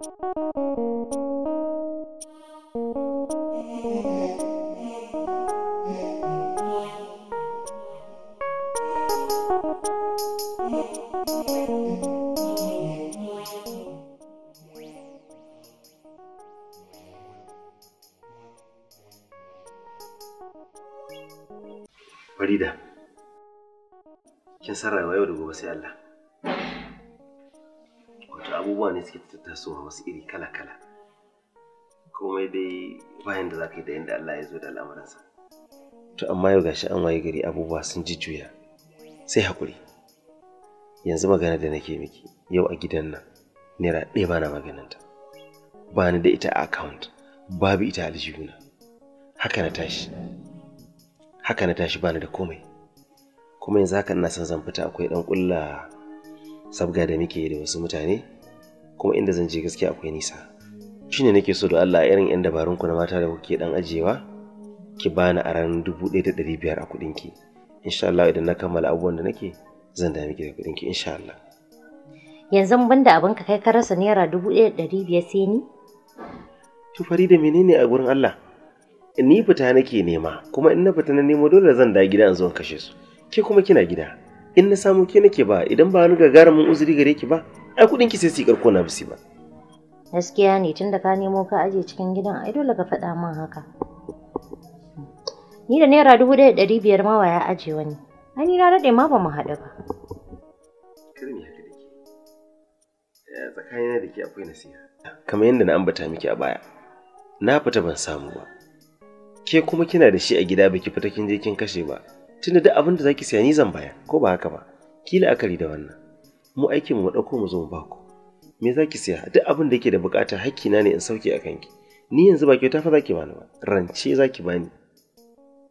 Farida, kin san rayuwa yau da gobe sai Allah. mutane suke tasowa wasu iri kala-kala komai dai bayan da za ka yi da yadda Allah ya zo da al'amuransa to amma yau gashi an waye gari abubuwa sun ji juya sai hakuri. yanzu magana da nake miki yau a gidan nan naira ɗaya bana na magananta ba ni da ita a account babu ita aljihuna haka na tashi haka na tashi bani da komai kuma yanzu haka ina son zan fita akwai ɗan ƙulla sabga da muke da wasu mutane kuma inda zan je gaskiya akwai nisa shine nake so da Allah irin yan dabarun ku na mata da kuke dan ajewa ki bani a ranar dubu ɗaya da ɗari biyar a kuɗin ki insha Allah idan na kammala abubuwan da nake zan dami ki da kuɗin ki insha Allah yanzu ban da abin ka kai ka rasa naira dubu ɗaya da ɗari biyar sai ni to Farida menene a gurin Allah ni fita nake nema kuma in na fita na nemo dole zan da gida in zo kashe su ke kuma kina gida in na samu ke nake ba idan ba wani gagarumin uzuri gare ki ba ai kudin ki sai su yi karko na bisi ba gaskiya ne tunda ka nemo ka aje cikin gidan ai dole ka faɗa min haka ni da naira dubu ɗaya ɗari biyar ma waya aje wani ai ni na daɗe ma ba mu haɗu ba kirmi da ke akwai nasiha kamar yadda na ambata miki a baya na fita ban samu ba ke kuma kina da shi a gida baki fita kin je kin kashe ba tunda duk abin da zaki siya ni zan baya, ko ba haka ba ki la'akari da wannan mu aikin mu ɗauko mu zo mu baku me zaki ki siya duk abin da yake da bukata na ne in sauke a kanki ni yanzu ba ta fa zaki bani ba rance za bani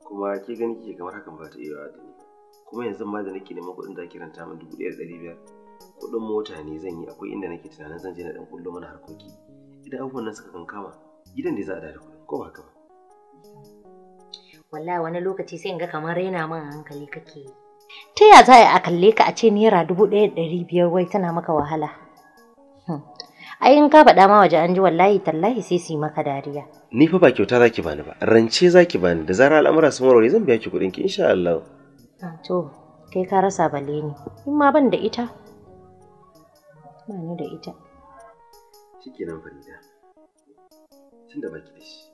kuma ke gani kike kamar hakan ba ta iya da ni kuma yanzu ma da nake neman kuɗin da ake ranta min dubu ɗaya da ɗari biyar kuɗin mota ne zan yi akwai inda nake tunanin zan je na ɗan kullum mana harkoki idan abubuwan nan suka kankama gidan da za a dada kuɗin ko ba haka ba wallahi wani lokaci sai in ga kamar raina man hankali kake yi Ta ya za a kalle ka a ce naira dubu ɗaya da ɗari biyar wai tana maka wahala? Hmm. Ai in ka faɗa ma waje an ji wallahi tallahi sai su yi maka dariya. Ni fa ba kyauta za ki bani ba, rance za ki bani da zarar al'amura sun warware zan biya ki kuɗin ki insha Allah. Hmm, to, kai ka rasa bale ni, in ma ban da ita. Ba ni da ita. Shikenan Farida. Tunda baki da shi.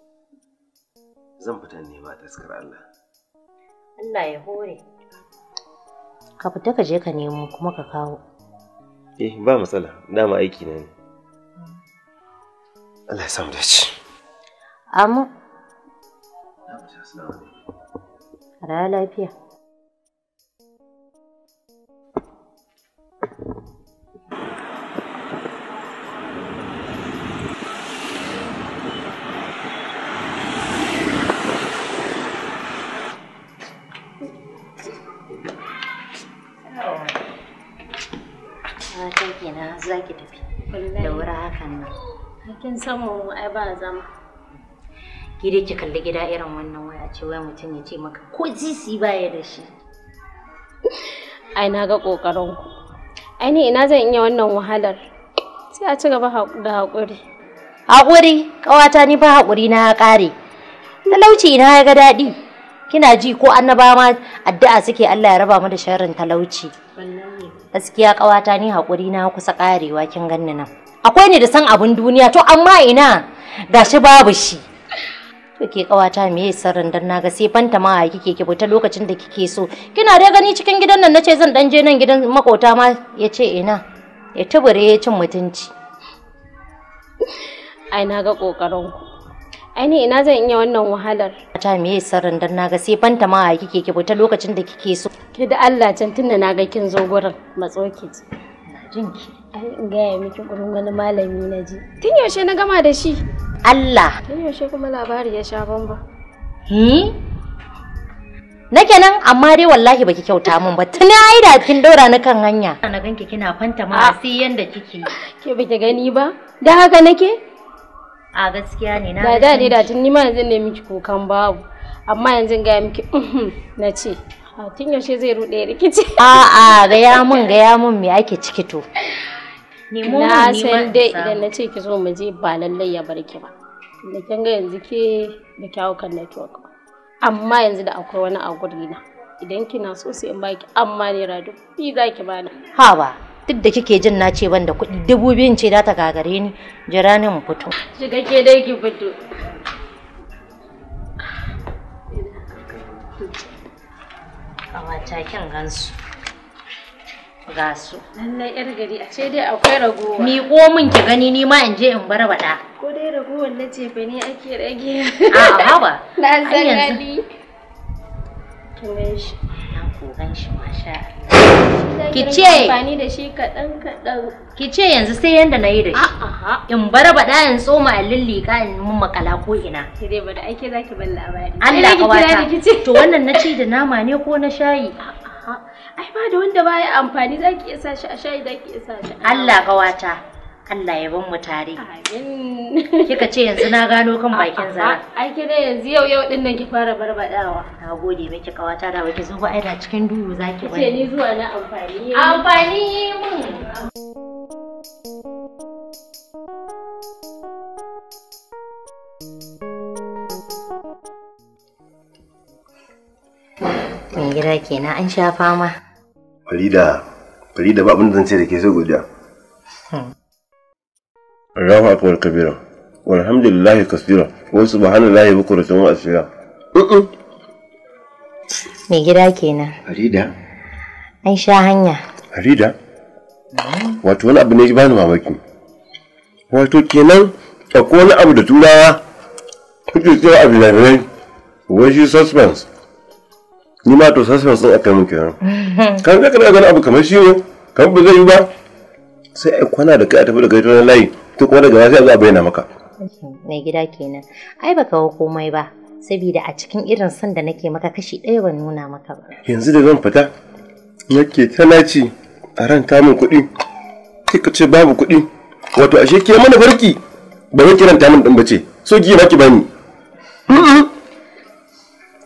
Zan fita a taskar Allah. Allah ya hore. ka fita ka je ka nemo kuma ka kawo eh ba matsala dama aiki na ne Allah ya samu da dace amu Raya lafiya. Kin san mu ai ba zama. Ki dai ki kalli gida irin wannan waya ce wai mutum ya ce maka ko sisi baya da shi. Ai na ga kokarin ku. Ai ni ina zan iya wannan wahalar. Sai a ci gaba da haƙuri. Haƙuri, ƙawata ni ba haƙuri na ƙare. Talauci ina ya ga daɗi. kina ji ko annaba ma addu'a suke Allah ya raba mu da sharrin talauci gaskiya kawata ni hakuri na kusa karewa kin ganni nan akwai ne da san abin duniya to amma ina gashi babu shi to ke kawata me yayi sarran dan naga sai fanta ma kike ki fita lokacin da kike so kina da gani cikin gidan nan nace zan dan je nan gidan makota ma yace ina ya tubure ya cin mutunci ai naga kokarin ku ai ne ina zan iya wannan wahalar ta me yayi sarran dan naga sai fanta ma kike ki fita lokacin da kike so ki da Allah can tunda naga kin zo gurin matsoki jinki an gaya miki gurin wani malami na ji tun yaushe na gama da shi Allah tun yaushe kuma labari ya sha bamba hmm na kenan amma dai wallahi baki kyauta min ba tuni ai da kin dora ni kan hanya na ganki kina fanta ma ah. sai yanda kike ke baki gani ba da haka nake a gaskiya ne na da da da tun ni ma yanzu ne miki kokan babu amma yanzu ga miki uhm, uhm, na ce ah, tun yaushe zai rude rikici a'a ga ya mun ga ya mun me ake ciki to na san dai idan na ce ki zo mu je ba lallai ya bar ki ba da kin ga yanzu ke da kyawukan network amma yanzu da akwai wani a na idan kina so sai in baki amma ne radu ni za ki bani. ha ba duk da kike jin na ce ban da kuɗi dubu biyun ce za ta gagare ni jira ni mu fito shiga ke dai ki fito a wata gansu ga su lallai yar gari a ce dai akwai ragowa ko min ki gani ni ma in je in bar bada. ko dai ragowar na jefe ne ake rage a baba. na san gani tunan shi na kogan shi masha ki ce amfani da shi kaɗan kaɗan ki ce yanzu sai yanda na yi da shi in bar bada in tsoma a lillika in mun makala ko ina ki dai bada ake zaki ban labari Allah ka wata. to wannan na ci da nama ne ko na shayi a'a ai ba da wanda baya amfani za ki isa shi a shayi za ki isa shi Allah gawata Allah ya ban mu tare kika ce yanzu na gano kan bakin zara ai ke dai yanzu yau yau din nan ki fara barbadawa na gode miki kawata da baki zo ba ai da cikin duhu zaki bani ce ni zuwa na amfani amfani mun Yara kenan an sha fama. Farida, Farida ba abin da zan ce da ke so godiya. Hmm. Allahu akbar kabira. Walhamdulillahi kasira. Wa subhanallahi bukuratan wa asira. Me gida kenan. Farida. An sha hanya. Farida. Hmm. Wato wani abu ne ba ni mamaki. Wato kenan akwai wani abu da turawa kuke cewa abu da wai shi suspense ni ma to sasa din aka mun kiran kan ga kana abu kamar shi ne kan ba zai yi ba sai ai kwana da kai a tafi da kai ta layi to kuma daga sai a bayyana maka mai gida kenan ai baka wa komai ba saboda a cikin irin son da nake maka kashi ɗaya ban nuna maka ba yanzu da zan fita nake talaci a ran tamun kuɗi kika ce babu kuɗi wato ashe ke mana barki ba wai kiran tamun din bace so ki baki bani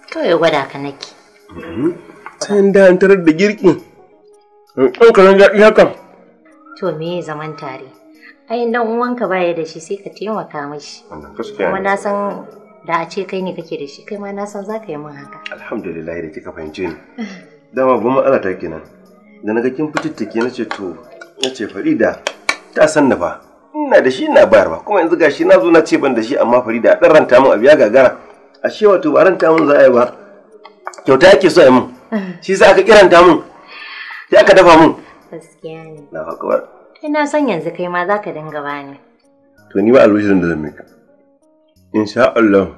kawai gwada ka nake Sayan da an tarar da girki. Ɗan karen daɗi hakan. To me zaman tare? Ai dan uwanka baya da shi sai ka taimaka mashi. Kuma na san da a ce kai ne kake da shi kai ma na san za ka yi min haka. Alhamdulillah da kika fahimce ni. Dama ban matsala ta kenan. Da na ga kin fitittike na ce to na ce Farida ta san na ba Ina da shi ina bayarwa kuma yanzu gashi na zo na ce ban da shi amma Farida ɗan ranta min abu ya gagara. Ashe wato ba ranta min za a yi ba. kyauta ake so a yi mun shi sa aka kiranta mun sai aka dafa mun gaskiya ne na fakuwar ina son yanzu kai ma zaka dinga bani to ni ba albishirin da zan mika insha Allah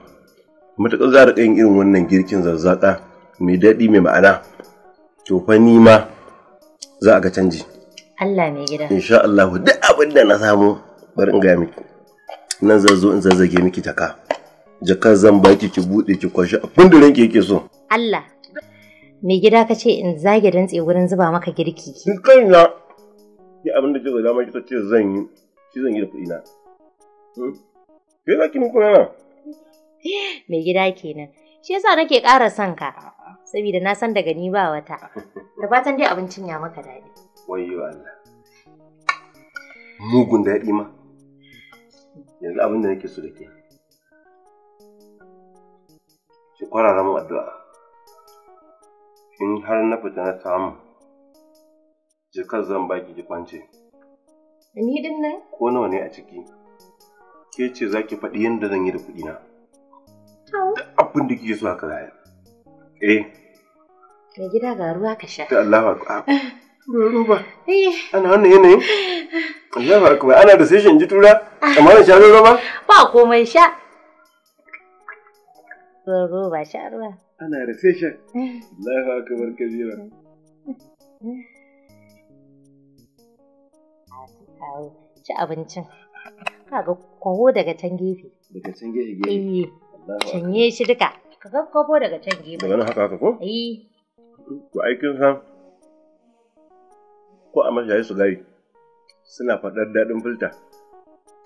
matakan za ka yin irin wannan girkin zazzaka mai daɗi mai ma'ana to fa ni ma za a ga canji Allah mai gida insha Allah duk abin da na samu bari in ga miki nan zan zo in zazzage miki taka jaka zan baki ki bude ki kwashi abin da ranki yake so Allah me gida ka ce in zage dantse wurin zuba maka girki kan ya ki abin da kike da ma kike ce zan yi shi zan yi da kuɗi na hmm? ke za ki mun kuma na me gida kenan shi yasa nake ƙara son ka saboda na san daga ni ba wata da fatan dai abincin ya maka daɗi wayyo Allah mugun daɗi ma yanzu abin da nake so da ke ki kwarara mu addu'a in har na fita na samu jikar zan baki ki kwance ni din nan ko nawa ne a ciki ke ce za ki faɗi yadda zan yi da kuɗi na abin da kike so haka zaya eh mai gida ga ruwa ka sha ta Allah ba eh. ana wannan yanayin Allah ba ana da sai shan ji tura kamar sha ba? ba komai sha ruwan roba sha ruwa. Ana rufe shan. Eh. Allahu akbar kabira. Ci abincin. ga kwaho daga can gefe. Daga can gefe gefe. Eh. Canye shi duka. Ka ga gaggabo daga can gefe. Daga nan haka haka ko? Eh. Ko aikin san ko a mashayi su gari suna faɗar daɗin filta.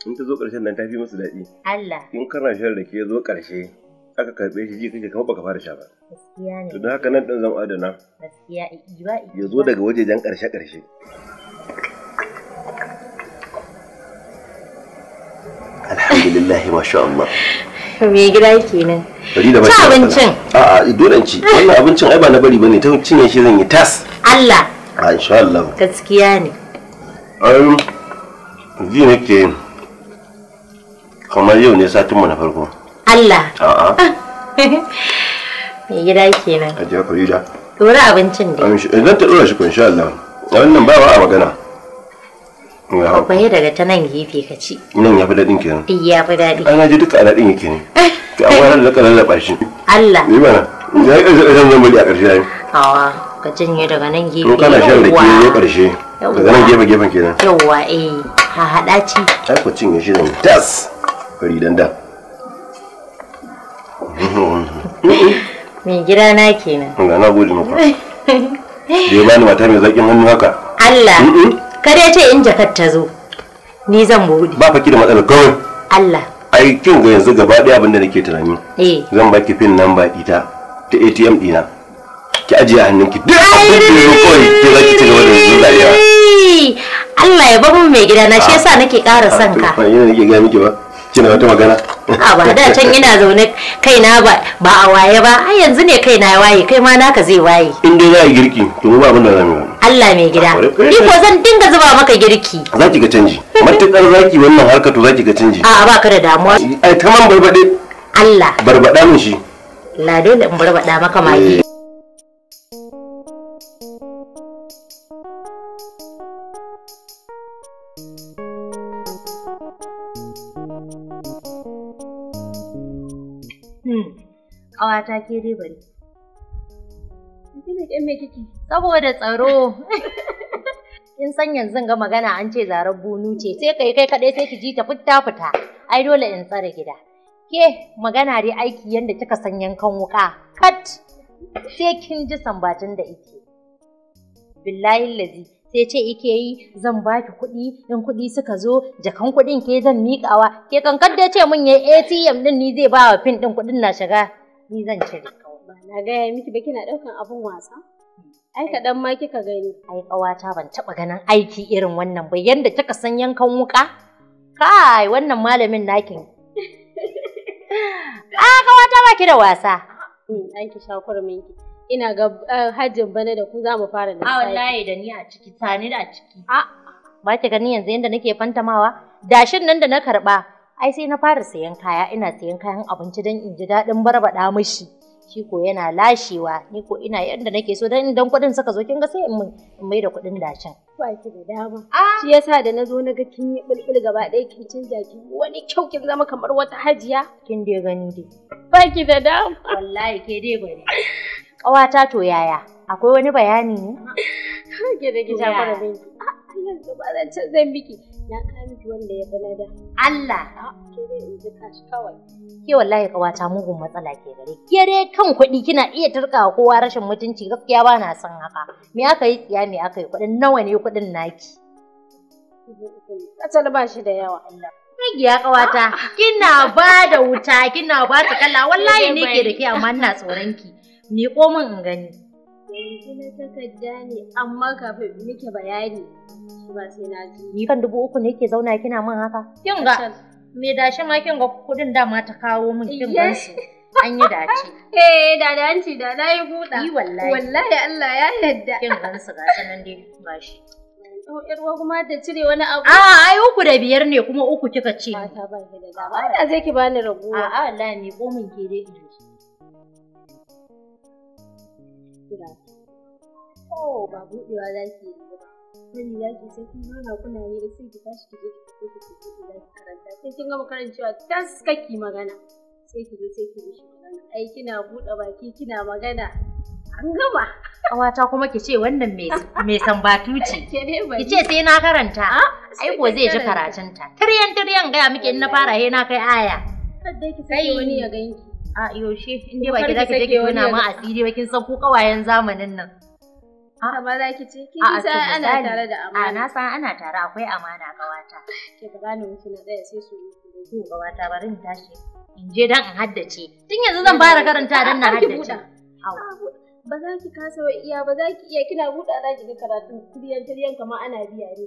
In ta zo ƙarshen nan ta fi musu daɗi. Allah. In kana shan ke zo ƙarshe. aka karɓe shi ji kake kamar baka fara sha ba gaskiya ne to don haka nan ɗin zan adana gaskiya ijiba ya zo daga wajejen ƙarshe ƙarshe alhamdulillah masha Allah me gida kenan bari da bashi abincin a'a dole ci wannan abincin ai ba na bari bane ta cinye shi zan yi tas Allah a ah, insha Allah gaskiya ne ai ji nake kamar yau ne satinmu mu na farko Allah. Ah. Mai gida kenan. Hajiya Farida. Dora abincin da. Eh, zan ta dora shi kun sha Allah. Wannan ba wa a magana. Kwaye daga ta nan gefe ka ci. Nan ya fi daɗin kenan. Eh, ya fi daɗi. An ji duka a daɗin yake ne. Ka amma da zaka lallaɓa shi. Allah. Ni mana. Ya yi ƙarshe zan bari a ƙarshe yayi. Awa. Ka janye daga nan gefe. Ko kana shan rake ya ƙarshe. Daga nan gefe gefen kenan. Yawwa eh. Ha haɗa ci. Ai ku cinye shi da tas. Fari dan da. mai gida na kenan ga na gode maka da ya bani mata mai zaƙin hannu haka Allah kar ya ce in jakar ta zo ni zan bude ba faki da matsala kawai Allah ai kin ga yanzu gaba ɗaya abin da nake tunani zan baki pin number ita ta ATM dina ki ajiye a hannunki duk abin da ya koyi ke za ci gaba da zuwa Allah ya bamu mai gida na shi yasa nake ƙara son ka ba yana nake ga miki ba kina wata magana a ba da can ina zaune kaina ba ba a waye ba ai yanzu ne kaina na waye kai ma naka zai waye in dai za a girki to ba abin da za mu Allah mai gida ah, ni ko zan dinga zuba maka girki za ki ga canji matukar zaki wannan harka to za ki ga canji a ba ka da damuwa ai ta man barbade Allah barbada min shi la dole in barbada maka magi ƙawata ke dai bari. Saboda tsaro. Kin san yanzu ga magana an ce zarar bunu ce sai kai kai kaɗai sai ki ji ta fita fita. Ai dole in tsara gida. Ke magana dai aiki yanda kika san yankan wuka. Kat! Sai kin ji sambatin da ike. Billahi lazi sai ce ike yi zan baki kuɗi in kuɗi suka zo jakan kuɗin ke zan miƙawa ke kankan da ce min yi ATM ɗin ni zai ba wa fin ɗin kuɗin na shiga ni zan cire kawai. Ba na gaya miki ba kina ɗaukan abun wasa? Ai kaɗan ma kika gani. Ai ƙawata ban taɓa ganin aiki irin wannan ba yadda kika san yankan wuƙa. Kai wannan malamin nakin. Ah ƙawata ba ki da wasa. Mm, An ki sha kurminki. Ina ga eh, hajjin bana da ku za mu fara da ah, A wallahi da ni a ciki, tani da ciki. A ah. ba ki gani yanzu yadda nake fantamawa? Dashin nan da na karɓa ai sai na fara sayan kaya ina sayan kayan abinci don in ji daɗin barbaɗa mishi shi ko yana lashewa ni ko ina yadda nake so dan idan kuɗin suka zo kin ga sai in mai da kuɗin dashin ba ki da dama ah! shi yasa da nazo na ga kin yi bulbul gaba ɗaya kin canja ki wani kyau kin zama kamar wata hajiya kin dai gani dai ba ki da dama wallahi ke dai bari ƙawata to yaya akwai wani bayani ne ke da ki ta fara yanzu ba zan can zan na kamiji wanda ya fi na da. Allah! Ke dai in ji kashi kawai. Ke wallahi kawata mugun matsala ke gare. Ke dai kan kuɗi kina iya turka kowa rashin mutunci gaskiya ba na son haka. Me aka yi tsiya me aka yi kuɗin nawa ne kuɗin naki? Kasar ba shi da yawa Allah. Magiya kawata, kina ba da wuta, kina ba ta kala, wallahi ne ke da ke amma ina tsoron ki. Miƙo min in gani. yanzu na takarda ne amma kafin muke bayani shi ba sai na ji. Ni kan dubu uku ne ke zauna kina min haka? Kin ga me dashi ma kin ga kuɗin ma ta kawo min kin gansu. An yi dace. Eh da da an ci da na yi buɗa. Yi wallahi. Wallahi Allah ya yarda. Kin gansu gashi nan dai gashi. yarwa kuma ta cire wani abu. A'a, ai uku da biyar ne kuma uku kika ce. Mata ba ki da dama. ina zai ki bani ragowa. A'a wallahi ne komin ke dai. Kira Oh, ba buɗewa za ki yanzu ba. Sani za ki sai kuma na kuna ne da sai ki tashi ki je ki fito ki fito ki za ki karanta. Sai kin gama karancewa tas kake magana. Sai ki zo sai ki mishi magana. Ai kina buɗe baki kina magana. An gama. Kawata kuma ki ce wannan mai sambatu ce. Ki ce sai na karanta. Ah, Ai ko zai ji karatun ta. Tiryan tiryan gaya muke in na fara he na kai aya. Kadda ki sai wani ya ganki. A ah, yaushe in dai ba ki za ki je ki tona ma asiri ba kin san ku kawayen zamanin nan. kamar za ki ce, ki sa ana tare da amana. A na san ana tare akwai amana gawata. Ke ba ni mutu na tsaya sai su yi gawata bari in tashi. In je dan in haddace. Tun yanzu zan fara karanta dan na haddace. Ba za ki kasa wa iya ba za ki iya kina buɗa za ki ga karatun tiriyan tiriyan kamar ana biya ne.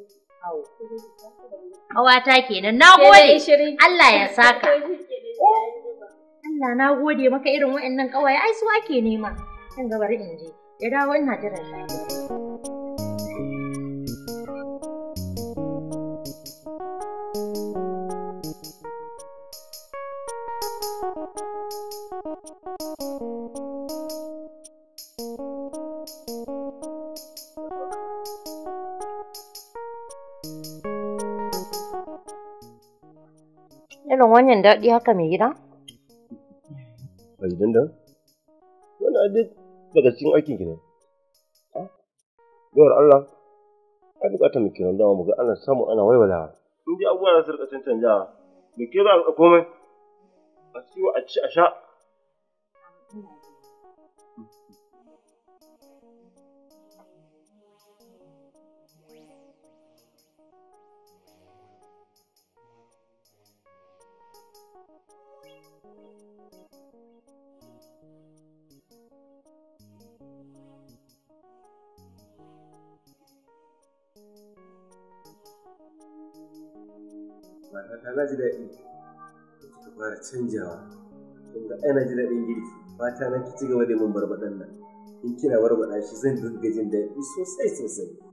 Kawata kenan na gode Allah ya saka. Allah na gode maka irin wa'annan kawai ai su ake nema. Kan gaba in je. anh nhận നജരായി irin học daɗi haka đó? gida? Bai jin da? Wani duk daga cikin aikin ki ne Gawar Allah a bukatar mu kiran dama mu ga ana samu ana waiwalawa in ji abubuwa za su rika cancanjawa mu kira a komai a ciwo a ci a sha matata na ji daɗi ta fara canjawa kun ga ana ji daɗin girki fata na ki ci gaba da mun barbaɗan nan in kina barbaɗa shi zan dinga jin daɗi sosai sosai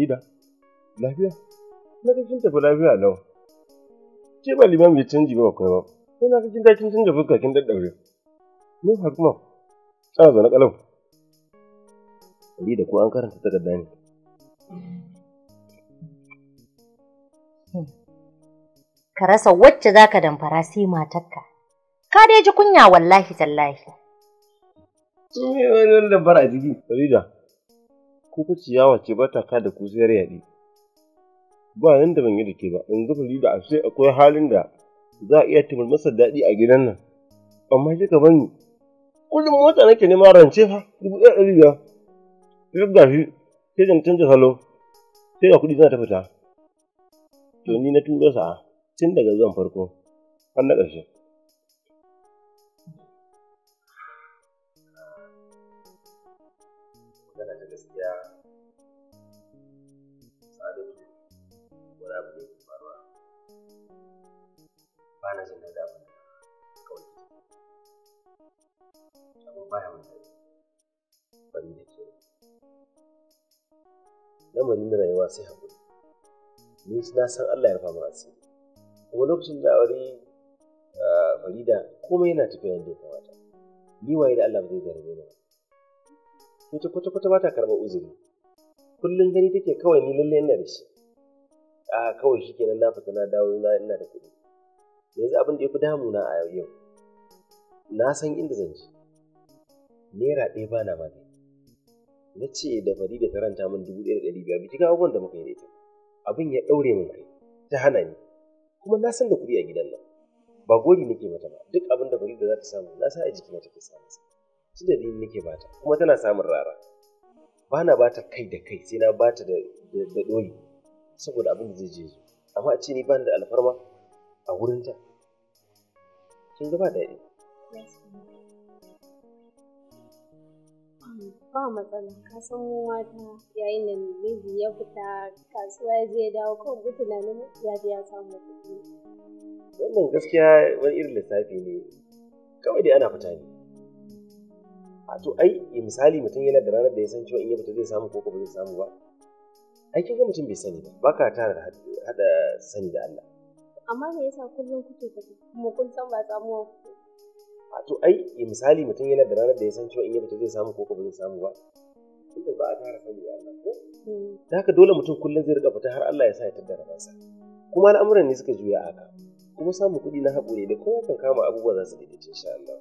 Farida, lafiya? Na ga kin tafi lafiya lau. Ke ba limamu ya canji ba kai ba. Ko na ga takin da kin canja fuska kin daddaure. Mun har kuma tsara na kalau. Farida ko an karanta takarda ne. Ka rasa wacce zaka damfara sai matarka. Ka dai ji kunya wallahi tallahi. Tumi yi wani damfara a jiki, Farida. ko ciyawa ce ba ta da ku sai yaɗi ba da ban yi da ke ba yanzu fari da ashe akwai halin da za a iya timar masa daɗi a gidan nan amma kika bani kullum mota nake nema rance fa dubu ɗaya ɗari biyar duk da shi sai da canza salo sai ga kuɗi suna ta fita to ni na tura sa tun daga zan farko har na ƙarshe ba na jin abin da kawai abin ya bari da ke rayuwa sai haƙuri ni na san Allah ya rufa mu asiri kuma lokacin da aure Farida komai yana tafiya yadda ya kamata ni waye da Allah zai jarabe ni ba ita kwata kwata ba ta karɓar uzuri kullum gani take kawai ni lalle ina da shi a kawai shi kenan na fita na dawo na ina da kuɗi yanzu abin da ya fi damuna a yau na san inda zan je naira ɗaya ba na mata na ce da farida ta ranta min dubu ɗaya da ɗari biyar biki abubuwan da muka yi da abin ya ɗaure min kai ta hana ni kuma na san da kuɗi a gidan nan ba gori nake mata ba duk abin da farida za ta samu na san a ke take samu shi da ni nake bata kuma tana samun rara ba na bata kai da kai sai na bata da ɗori saboda abin da zai je amma a ce ni ba da alfarma a wurin ta, kin ji ba yi ba matsala ka san wata yayin da miji ya fita kasuwa ya je dawo kawai gudu na nuna ya je ya samu kuɗi wannan gaskiya wani irin lissafi ne kawai dai ana fita ne a to ai misali mutum yana da ranar da ya san cewa in ya fita zai samu ko ba zai samu ba ai kin ga mutum bai sani ba baka tara hada sani da Allah Amma me yasa kullum kuke tafi kuma kun san ba samuwa ku? A to ai eh, misali mutum yana da ranar da ya san cewa in ya fita zai samu ko ba zai samu ba. Tunda ba a tara sani da Allah ko? Hmm. Da haka dole mutum kullum zai riga fita har Allah ya sa ya tabbata sa. Kuma al'amuran ne suka juya haka. Kuma samun kuɗi na haƙuri da kowa kan kama abubuwa za su daidaice insha Allah.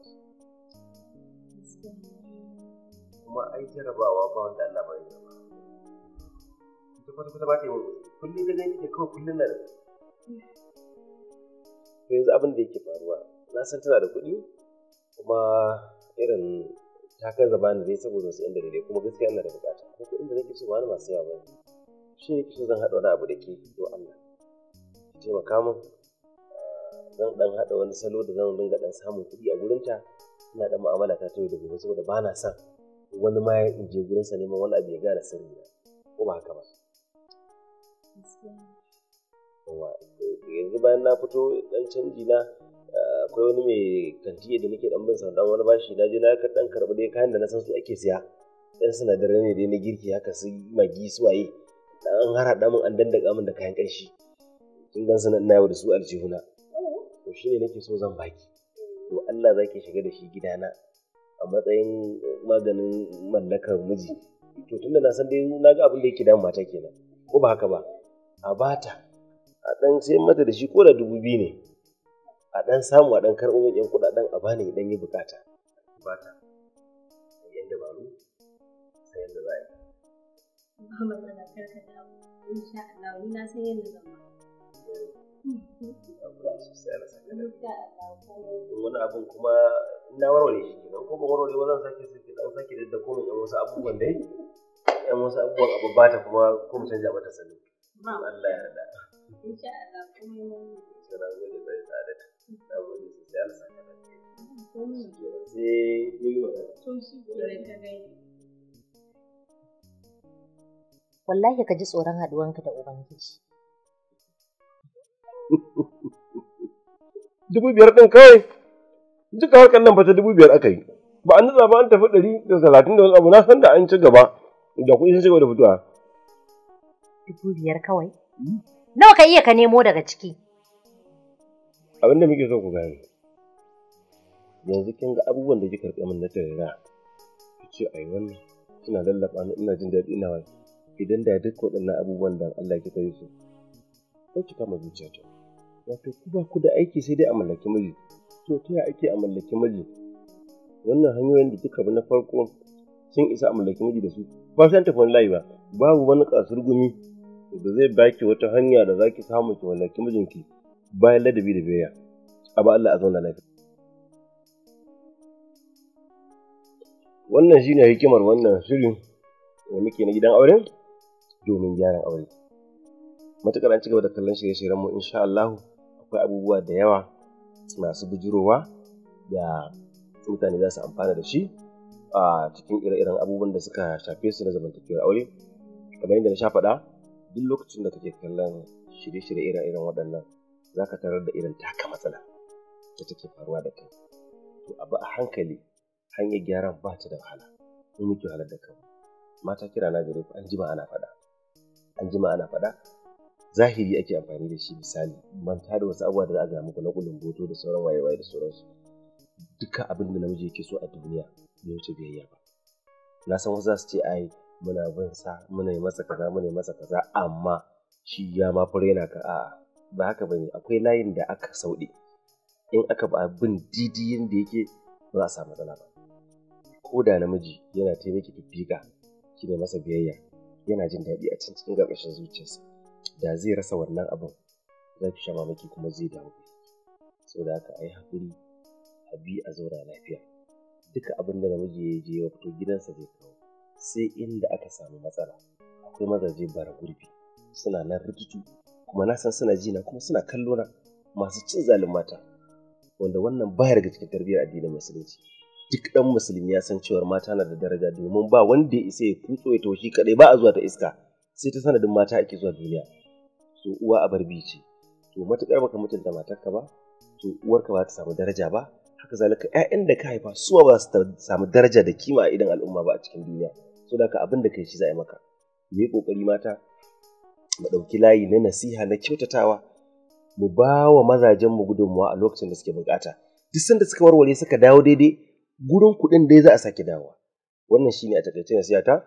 kuma ai jarabawa ba wanda Allah ba ya ba ita kwata kwata ba ta yi kullum da gani ke kawai kullum na da to yanzu abin da yake faruwa na san tana da kuɗi kuma irin ta kai da dai saboda wasu yan dalilai kuma gaskiya ina da bukata ko kuɗin da nake cewa ni masu yawa bane shi ne kishin zan haɗa wani abu da ke to Allah ki taimaka min ah, zan dan haɗa wani salo da zan dinga dan samun kuɗi a ta ina dan mu'amala ta ta yau da gobe saboda ba na son wani ma in je gurinsa neman wani abu ya gane sirri ko ba haka ba yanzu bayan na fito dan canji na eh, akwai wani mai kantiye da nake dan bin dan wani bashi na je na ka dan karbi dai kayan da na san su ake siya dan sinadarai ne dai na girki haka su magi su waye dan har min an dandaka mun da kayan kanshi kin gan sanan na yau da su aljihuna to shine nake so zan baki to Allah zaki shiga da shi gidana a matsayin maganin mallakar miji to tunda na san dai na ga abin da yake da mata kenan ko ba haka ba a bata a ɗan sai mata da shi ko da dubu biyu ne a ɗan samu a ɗan karɓo yan kuɗaɗen a bani dan yi bukata bata yan dabaru sai yanda za a yi ba wani abin kuma na warware shi kenan ko ba warware ba zan sake sake dan sake da komai yan wasu abubuwan dai yan wasu abubuwan abu bata kuma ko mu canja mata sani Allah ya yarda ka wallahi ka ji tsoron haɗuwanka da ubangiji dubu biyar ɗin kawai duka harkar nan fata dubu biyar aka yi ba an nutsa ba an tafi ɗari da talatin da wani abu na san da an ci gaba da kuɗi sun ci gaba da fitowa dubu biyar kawai hmm? nawa ka iya ka nemo daga ciki abin da muke so ku gani. yanzu kin ga abubuwan da kika karɓe min na tarira ki ce ai wannan kina lallafa ni ina jin daɗi ina wai idan da duk waɗannan abubuwan da Allah kika yi su sai ki kama zuciyata wato ku ba ku da aiki sai dai a mallaki miji to ta ya ake a mallaki miji wannan hanyoyin da duka bi na farko sun isa a mallaki miji da su ba su tafi wani layi ba babu wani kasurgumi da zai baki wata hanya da zaki samu ki mallaki mijinki bayan ladabi da biyayya a ba Allah a zauna lafiya wannan shine hikimar wannan shirin da muke na gidan aure domin gyaran aure matukar an cigaba da kallon shirye-shiryen mu insha Allah akwai abubuwa da yawa masu bijirowa da mutane za su amfana da shi a cikin ire-iren abubuwan da suka shafe su na zamantakewar aure kamar yadda na sha faɗa duk lokacin da kake kallon shirye-shirye irin waɗannan za ka tarar da irin taka matsala da take faruwa da kai to abu a hankali hanyar gyaran ba ta da wahala in muke wahalar da kai mata kira na gare ku an jima ana faɗa an jima ana faɗa zahiri ake amfani da shi misali manta da wasu abubuwa da za a gaya muku na gulun boto da sauran wayewa da sauransu duka abin da namiji yake so a duniya bai wuce biyayya ba na san wasu za su ce ai muna bin sa muna yi masa kaza muna yi masa kaza amma shi ya ma fure yana ka a'a ba haka bane akwai layin da aka sauɗe in aka ba bin didiyin da yake ba za a samu matsala ba ko da namiji yana taimaki fifika ki ne masa biyayya yana jin daɗi a cikin ƙarƙashin zuciyarsa da zai rasa wannan abin za ki shama mamaki kuma zai damu saboda haka a yi haƙuri a bi a zauna lafiya duka abin da namiji ya je ya fito gidansa zai kawo sai inda aka samu matsala akwai mazaje bara gurbi suna nan rikici, kuma na san suna jina kuma suna kallo na masu cin zalin mata wanda wannan baya daga cikin tarbiyyar addinin musulunci duk dan musulmi ya san cewar mata na da daraja domin ba wanda ya isa ya kutso ya taushi kadai ba a zuwa ta iska sai ta sanadin mata ake zuwa duniya so uwa a barbi ce to matukar baka mutunta matarka ba to uwarka ba ta samu daraja ba haka zalika 'ya'yan da ka haifa suwa ba su samu daraja da kima a idan al'umma ba a cikin duniya so da abin da kai shi za maka mu yi ƙoƙari mata mu ɗauki layi na nasiha na kyautatawa mu ba wa mazajen mu gudunmuwa a lokacin da suke bukata duk sanda suka warware suka dawo daidai gurin kuɗin dai za a sake dawowa wannan shine a takaice nasiha ta